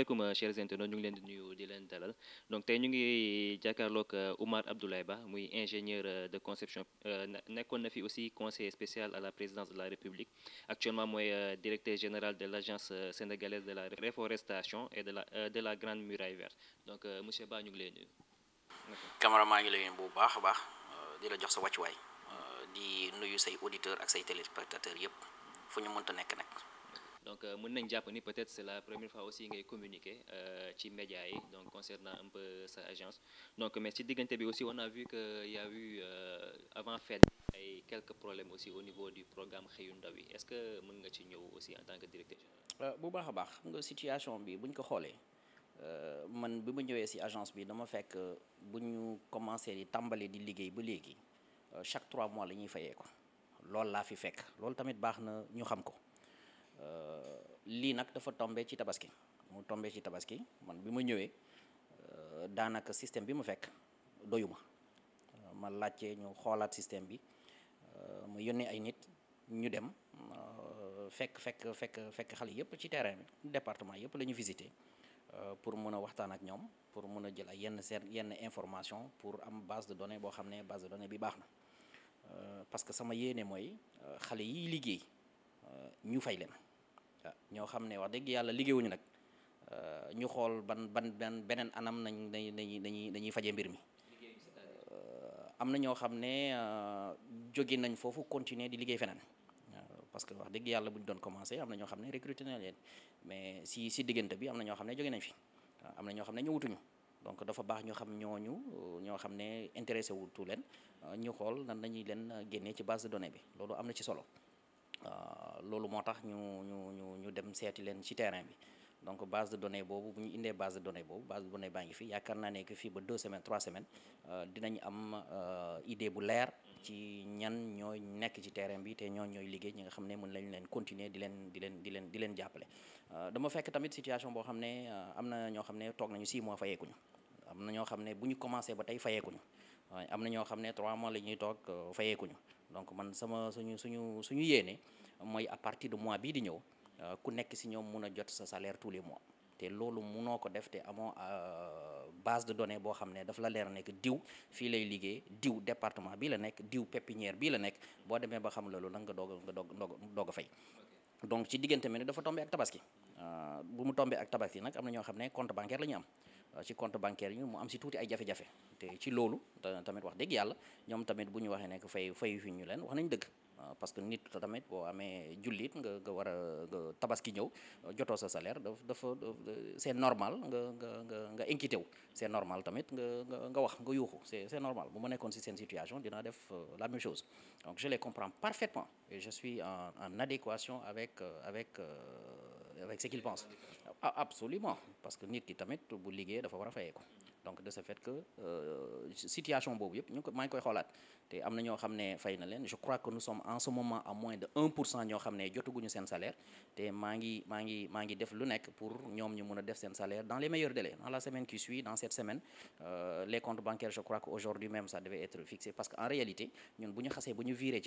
asalaamaaleykum euh, chers internautes ñu ngi leen di nuyu di leen dalal donc ñu ngi jàkkaarloog euh, Oumar Abdoulaye Ba muy ingénieur euh, de conception nekkoon na fi aussi conseiller spécial à la présidence de la République actuellement mooy directeur général de l' agence sénégalaise de la réforestation et de la de la Grande Muraille Verte donc monsieur Ba ñu ngi leen nuyu. maa ngi lay bu baax a baax di la jox sa wàccuwaay di nuyu say auditeurs ak say téléspectateurs yëpp fu ñu mënta nekk nag. donc euh, mën nañ jàpp ni peut-être c'est la première fois aussi ngay communiquer euh, ci médias yi donc concernant un peu sa agence donc mais ci diggante bi aussi on a vu que y eu euh, avant fait ay quelques problème aussi au niveau du programme xëyu ndaw yi est-ce que mën nga ci ñëw aussi en tant que directeur bu baax a baax xam nga situation bi buñ ko xoolee man bi ma ñëwee ci agence bi dama fekk bu ñu commencé di tàmbali di liggéey ba léegi chaque trois mois la ñuy fayee ko loolu laa fi fekk loolu tamit baax na ñu xam ko Euh, lii nag dafa tombé ci tabaski mu tombé ci tabaski man bi ma ñëwee euh, daanaka système bi mu fekk doyuma euh, ma laajte ñu xoolaat système bi mu yónnee ay nit ñu dem fekk fekk fekk fekk xale yëpp ci terrain bi département yëpp la ñu pour mën a waxtaan ak ñoom pour mën a jël ay yenn seen yenn information pour am base de données boo xam ne base de données bi baax na parce que sama yéene mooy xale yi liggéey ñu fay leen. ñoo xam ne wax dëgg yàlla liggéeyuñu nag euh, ñu xool ban ban ban beneen anam nañ dañuy dañuy dañuy faje mbir mi. Euh, am na ñoo xam ne euh, jóge nañ foofu continuer di liggéey feneen. parce que wax dëgg yàlla bu doon commencé am na ñoo xam ne recruté na leen mais si si diggante bi am na ñoo xam ne jóge nañ fi am na ñoo xam ne ñëwutuñu donc dafa baax ñu xam ñooñu ñoo xam ne intéressé wutu leen ñu xool nan la ñuy leen génnee ci base de données bi loolu am na ci solo. Euh, loolu moo tax ñu ñu ñu ñu dem seeti leen ci terrain bi donc base de données boobu bu ñu indee base de données boobu base de données baa ngi fi yaakaar naa ne que ba deux semaines trois semaines euh, dinañ am euh, idée bu leer ci ñan ñooy nekk ci terrain bi te ñoo ñooy liggéey ñi nga xam ne mun lañ leen continuer di leen di leen di leen di leen jàppale dama fekk tamit situation boo xam ne am na ñoo xam ne toog nañu six mois fayeekuñu am na ñoo xam ne bu ñu commencé ba tey fayeekuñu waaye am na ñoo xam ne trois mois la ñuy toog euh, fayeekuñu donc man sama suñu suñu suñu yéene mooy à partir de mois bii di ñëw euh, ku nekk si ñëw mun a jot sa salaire tous les mois te loolu munoo ko def te amoo euh, base de données boo xam ne daf la leer nekk diw fii lay liggéey diw département bii la nekk diw pépinière bii la nekk boo demee ba xam loolu nag nga doog nga doog doog a fay donc ci diggante mi ne dafa tombé ak tabaski bu mu tombé ak tabaski nag am na ñoo xam ne compte bancaire la ñu am Euh, ci compte bancaire yi mu am si tuuti ay jafe-jafe te ci loolu tamit wax dégg yàlla ñoom tamit bu ñu waxee nekk fay fay fi ñu leen wax nañ dëgg euh, parce que nit tamit boo amee jullit nga nga war a nga tabaski ñëw euh, jotoo sa salaire daf dafa c'est normal nga nga nga nga inquiété wu c'est normal tamit nga nga nga wax nga yuuxu c'est c'est normal bu ma nekkoon si seen situation dinaa def la même chose donc je les comprends parfaitement et je suis en adéquation avec avec ce qu'il pense ah, absolument parce que nit ki tamit bu liggéey dafa war a fayeeko donc de ce fait que euh, situation boobu yëpp ñu maa ngi koy xoolaat te am na ñoo xam ne fay na leen je crois que nous sommes en ce moment à moins de 1 pour cent ñoo xam ne jotaguñu seen salaire te maa ngi maa ngi maa ngi def lu nekk pour ñoom ñu mun a def seen salaire dans les meilleurs délais dans la semaine qui suit dans cette semaine euh, les comptes bancaires je crois que aujourd'hui même ça devait être fixé parce que en réalité ñun bu ñu xasee bu ñu viré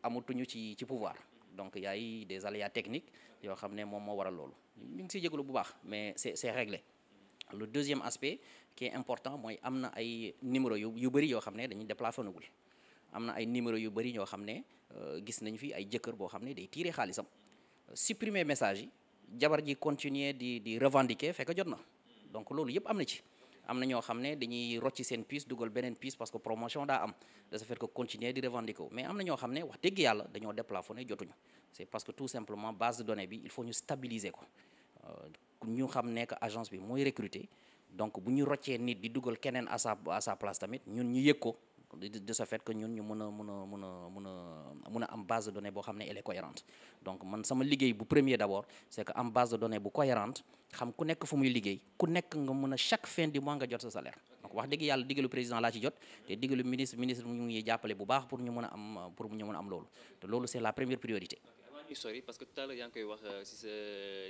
amatuñu ci ci pouvoir donc y a des aléas techniques yoo xam ne moom moo waral loolu ñu ngi siy jégalu bu baax mais c'est c'est réglé le deuxième aspect qui est important mooy am na ay numéro yu yu bëri yoo xam ne dañuy déplafonné gul am na ay numéro yu bëri ñoo xam ne euh, gis nañu fi ay jëkkër boo xam ne day tiire xaalisam supprimer message yi jabar ji continuer di di revendiquer fekk jot na donc loolu yëpp am na ci am na ñoo xam ne dañuy rocci seen pièce dugal beneen pièce parce que promotion daa am de ce fait que continuer di revendiquer mais am na ñoo xam ne wax dëgg yàlla dañoo déplafonné jotuñu c'est parce que tout simplement base de données bi il faut ñu stabiliser ko euh, ñu xam ne que agence bi mooy recruter donc bu ñu roccee nit di dugal keneen à sa à place tamit ñun ñu yëg ko de ce fait que ñun ñu mën a mën a mën a mën a mën a am base de données boo xam ne elle est donc man sama liggéey bu premier d'abord c'est que am base de données bu cohérente xam ku nekk fu muy liggéey ku nekk nga mën a chaque fin du mois nga jot sa salaire donc wax dëgg yàlla digalu président laa ci jot te digalu ministre ministre ñu ngi jàppale bu baax pour ñu mën am loolu loolu c'est la première priorité ñu sori parce que tout yaa ngi koy wax euh, si sa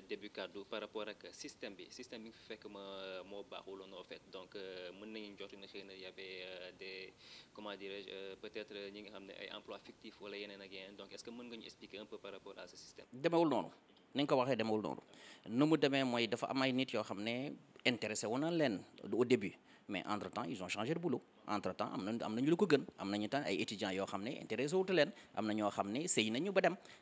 début kàddu par rapport ak système bi système bi nga fekk ma moo baaxuloon en fait donc euh, mën nañu jot xëy na y avait euh, comment dirais peut-être ñi nga xam ne ay emplois fictifs wala yeneen ak yeneen donc est-ce que mën nga ñu expliquer un peu par rapport à ce système. demewul noonu ni nga ko waxee demewul noonu nu mu demee mooy dafa am nit yoo xam ne intéressé wu na leen au début. mais entre temps ils ont changé de boulot entre temps am na am lu ko gën am nañu tam ay étudiants yoo xam ne intéressé wuute leen am na ñoo xam ne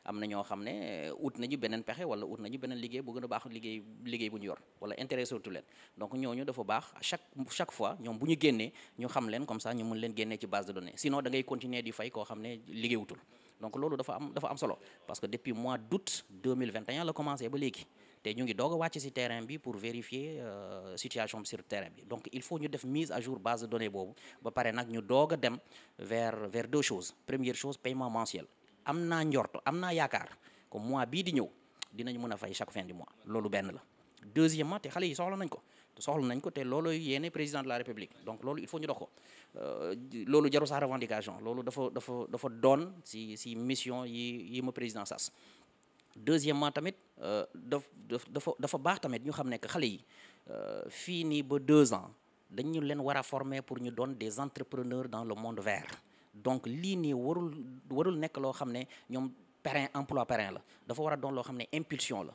am na ñoo xam ne euh, ut nañu beneen pexe wala ut nañu beneen liggéey bu gën a baax liggéey liggéey bu ñu yor wala intéressé wuute leen donc ñooñu dafa baax chaque chaque fois ñoom bu ñu génnee ñu xam leen comme ça ñu mën leen génnee ci base de données sinon da ngay continuer di fay koo xam ne liggéeyutul donc loolu dafa am dafa am solo parce que depuis mois d'août 2021 la commencé ba léegi te ñu ngi doog a wàcc ci terrain bi pour vérifier euh, situation bi sur terrain bi donc il faut ñu def mise à jour base de données boobu ba pare nag ñu doog a dem vers vers deux choses première chose paiement mensuel am naa njort am naa yaakaar comme mois bii di ñëw dinañ mën a fay chaque fin du mois loolu benn la deuxièmement te xale yi soxla nañ ko soxla nañ ko te loolu yéene président de la république donc loolu il faut ñu dox ko euh, loolu jaru sax revendication loolu dafa dafa dafa doon si si mission yi yi ma président sas deuxièmement tamit euh, daf dafa dafa baax tamit ñu xam ne que xale yi euh, fii nii ba deux ans dañu leen war a former pour ñu doon des entrepreneurs dans le monde vert donc lii nii warul warul nekk loo xam ne ñoom peren emploi peren la dafa war a doon loo xam ne impulsion la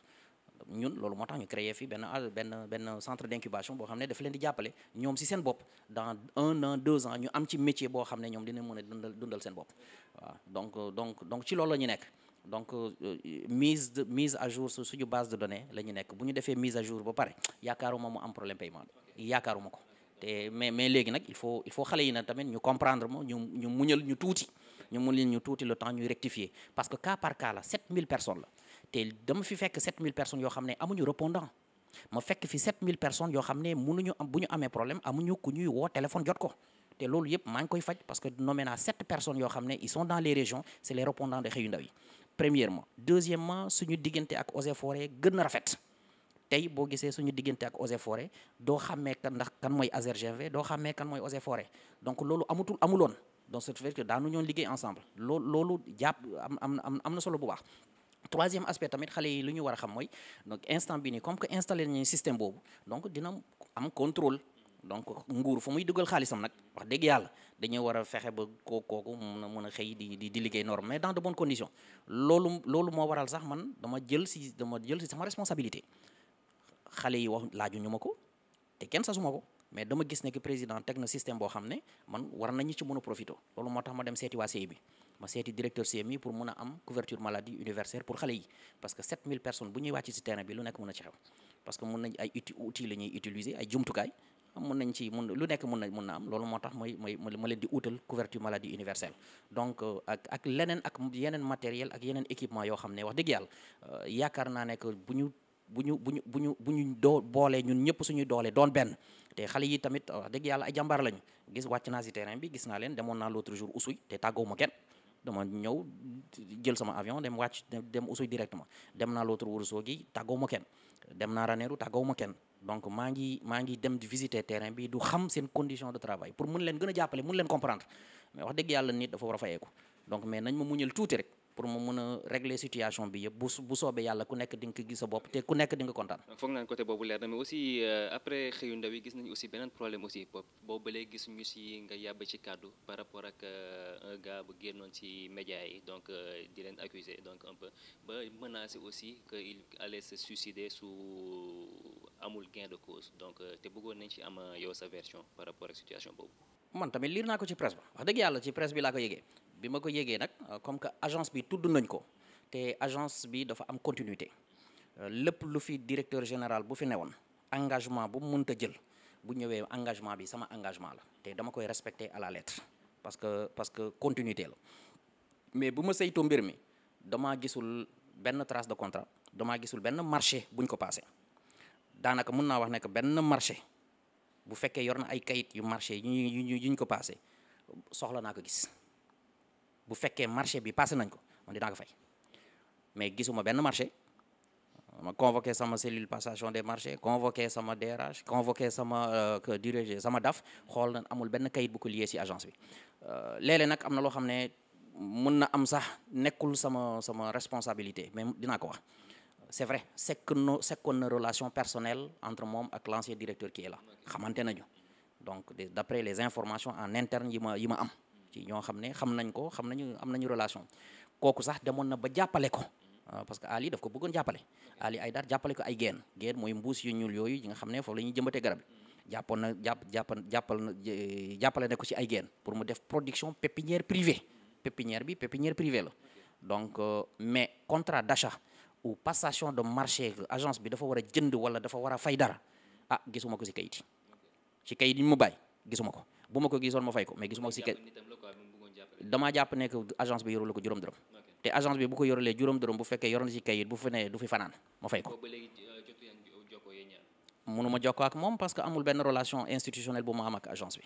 ñun loolu moo tax ñu créer fii benn benn benn centre d'incubation boo xam ne dafa leen di jàppale ñoom ci seen bopp dans un an deux ans ñu am ci métier boo xam ne ñoom dina mën a dundal dundal seen bopp waaw donc donc donc ci loolu la ñu nekk donc euh, euh, mise de mise à jour su suñu base de données la ñu nekk bu ñu defee mise à jour ba pare yaakaaruma mu am problème paiement yaakaaruma ko te mais mais léegi nag il faut il faut xale yi na tamit ñu comprendre mo ñu muñal ñu tuuti ñu muñal ñu le temps ñuy rectifier parce que cas te dama fi fekk 7000 personnes yoo xam ne amuñu répondant ma fekk fi 7000 personnes yoo xam ne mënuñu am bu ñu amee problème amuñu ku ñuy woo téléphone jot ko te loolu yëpp maa ngi koy faj parce que nommé naa 7 personnes yoo xam ne ils sont dans les régions c' est les répondants de xëyu ndaw yi premièrement deuxièmement suñu diggante ak Eaux et Forêts gën na rafet tey boo gisee suñu diggante ak Eaux et Forêts doo xàmmee kan ndax kan mooy ASRGV doo xàmmee kan mooy Eaux et Forêts donc loolu amutul amuloon donc ce fait que daanu ñoon liggéey ensemble loolu loolu jàpp am am am na solo bu baax troisième aspect tamit xale yi lu ñu war a xam mooy donc instant bi nii comme que installé nañu système boobu donc dina am contrôle donc nguur fu muy dugal xaalisam nag wax dëgg yàlla dañuy war a fexe ba koo kooku mun a mun a xëy di di di liggéey norme mais dans de bonnes condition loolu loolu moo waral sax man dama jël si dama jël si sama responsabilité xale yi wax laaju ñu ma ko te kenn sasuma ko mais dama gis ne que président teg na système boo xam ne man war nañu ci mën a profité loolu moo tax ma dem seeti waa bi ma seeti directeur CMI pour mun a am couverture maladie universelle pour xale yi parce que 7000 personnes bu ñuy wàcc ci terrain bi lu nekk mun na ci xew parce que mun nañ ay uti outil la mun lu nekk mun na mun na am loolu moo tax may may ma leen di utal couverture maladie universelle donc euh, ak ak leneen ak yeneen matériel ak yeneen équipement yoo xam ne wax dëgg yàlla euh, yaakaar naa ne que bu ñu bu ñu bu ñu bu ñu bu ñu doo boolee ñun ñëpp suñuy doolee doon benn te xale yi tamit wax dëgg yàlla ay jàmbaar lañu gis wàcc naa si terrain bi gis naa leen demoon naa l'autre jour te tàggoo ma dama ñëw jël sama avion dem wàcc dem Oussouye directement dem naa l'autre Ourossogui tàggaw ma kenn dem naa Ranérou tàggaw ma kenn donc maa ngi maa ngi dem di visiter terrain bi du xam seen condition de travail pour mun leen gën a jàppale mun leen comprendre mais wax dëgg yàlla nit dafa war a fayeeku donc mais nañ ma muñal tuuti rek pour mu mun a régler situation bi yëpp bu bu soobee yàlla ku nekk di nga ko gis sa bopp te ku nekk di nga kontaan. foog naan côté boobu leer na mais aussi euh, après xëyu ndaw gis nañu aussi beneen problème aussi boobu ba léegi gisuñu si nga yàbb ci kàddu par rapport ak euh, un gars génnoon ci médias yi donc euh, di leen accuser donc un ba menacer aussi que il allait se suicider su amul gain de cause donc te bëggoon nañ ci am yow sa version par rapport ak situation boobu. man tamit liir naa ko ci presse ba wax dëgg yàlla ci presse bi laa ko yëgee. bi ma ko yégee nag euh, comme que agence bi tudd nañ ko te agence bi dafa am continuité euh, lépp lu fi directeur général bu fi newoon engagement bu mu mënta jël bu ñëwee engagement bi sama engagement la te dama koy respecter à la lettre parce que parce que continuité la mais bu ma saytoo mbir mi damaa gisul benn trace de contrat damaa gisul benn marché buñ ko passé daanaka mun naa wax nekk benn marché bu fekkee yor na ay kayit yu marché yu ñu yu ñu ko passé soxla naa ko gis. bu fekkee marché bi passé nañ ko man dinaa ko fay mais gisuma benn marché ma convoqué sama cellule passation des marché convoqué sama DRH convoqué sama euh, dirigé sama DAF xool na amul benn kayit bu ko lié ci agence bi euh, léeg-léeg nag am na loo xam ne mun na am sax nekkul sama sama responsabilité mais dinaa ko wax c'est vrai sekk no sekkoon na relation personnelle entre moom ak l'ancien directeur qui est là xamante nañu donc d'après les informations en interne yi yi ma am ci ñoo xam ne xam nañ ko xam nañu am nañu relation kooku sax demoon na ba jàppale ko ah, parce que Ali daf ko bëggoon jàppale Ali ay daat jàppale ko ay génn geen mooy mbuus yu ñuul yooyu yi nga xam ne foofu la ñuy jëmbatee garab yi jàppoon na jàpp jàppal jàppal na jàppale na ko ci ay génn pour mu def production pépinière privée pépinière bi pépinière privée la donc euh, mais contrat d'achat ou passation de marché agence bi dafa war a jënd wala dafa war a fay dara ah gisuma ko ci kayit ci kayit yi mu bàyyi gisuma ko bu ma ko gisoon ma fay ko mais gisuma si. damaa jàpp ne que agence bi yorul ko juróom dërëm te agence bi bu ko yorulee juróom dërëm bu fekkee yoroon si kayit bu fi ne du fi fanaan ma fay ko euh, mënu ma jokkoo ak moom parce que amul benn relation institutionnelle bu ma am ak agence bi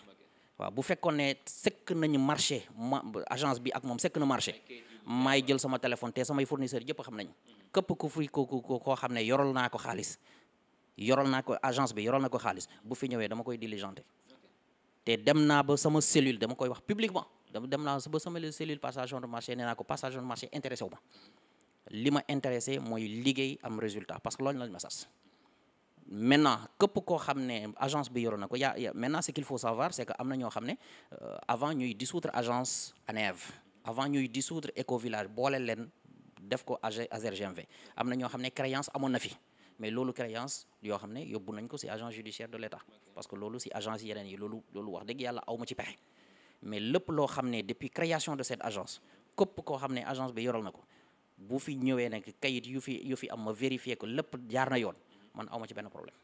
waaw bu fekkoon ne sekk nañu marché ma agence bi ak moom sekk na marché maay jël sama téléphone samay fournisseur yëpp xam nañ mm-hmm. képp ku fi ko koo xam ne yoral naa ko xaalis yoral naa ko agence bi yoral na ko xaalis bu fi ñëwee dama koy diligenté te dem naa ba sama cellule dama koy wax publiquement dem naa ba sama cellule passation de marché nee naa ko passation de marché intéressé wu ma li ma intéressé mooy liggéey am résultat parce que loolu lañ ma sas maintenant képp koo xam ne agence bi yoroon na ko yaa maintenant ce qu'il faut savoir c'est que am na ñoo xam ne euh, avant ñuy dissoudre agence ANEV avant ñuy dissoudre Ecovillage boole leen def ko AG ASRGMV am na ñoo xam ne créance amoon na fi mais loolu créance yoo xam ne yóbbu nañ ko si agence judiciaire de l'État parce que loolu si agence yeneen yi loolu loolu wax dëgg yàlla aw ma ci pexe mais lépp loo xam ne depuis création de cette agence képp koo xam ne agence bi yoral na ko bu fi ñëwee nag kayit yu fi yu fi am ma vérifier ko lépp jaar na yoon man aw ma ci benn problème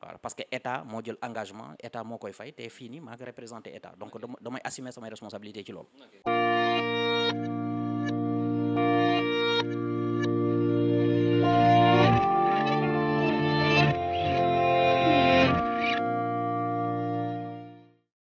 voilà parce que état moo jël engagement état moo koy fay te fii nii maa ngi représenté état donc damay assumer samay responsabilité ci loolu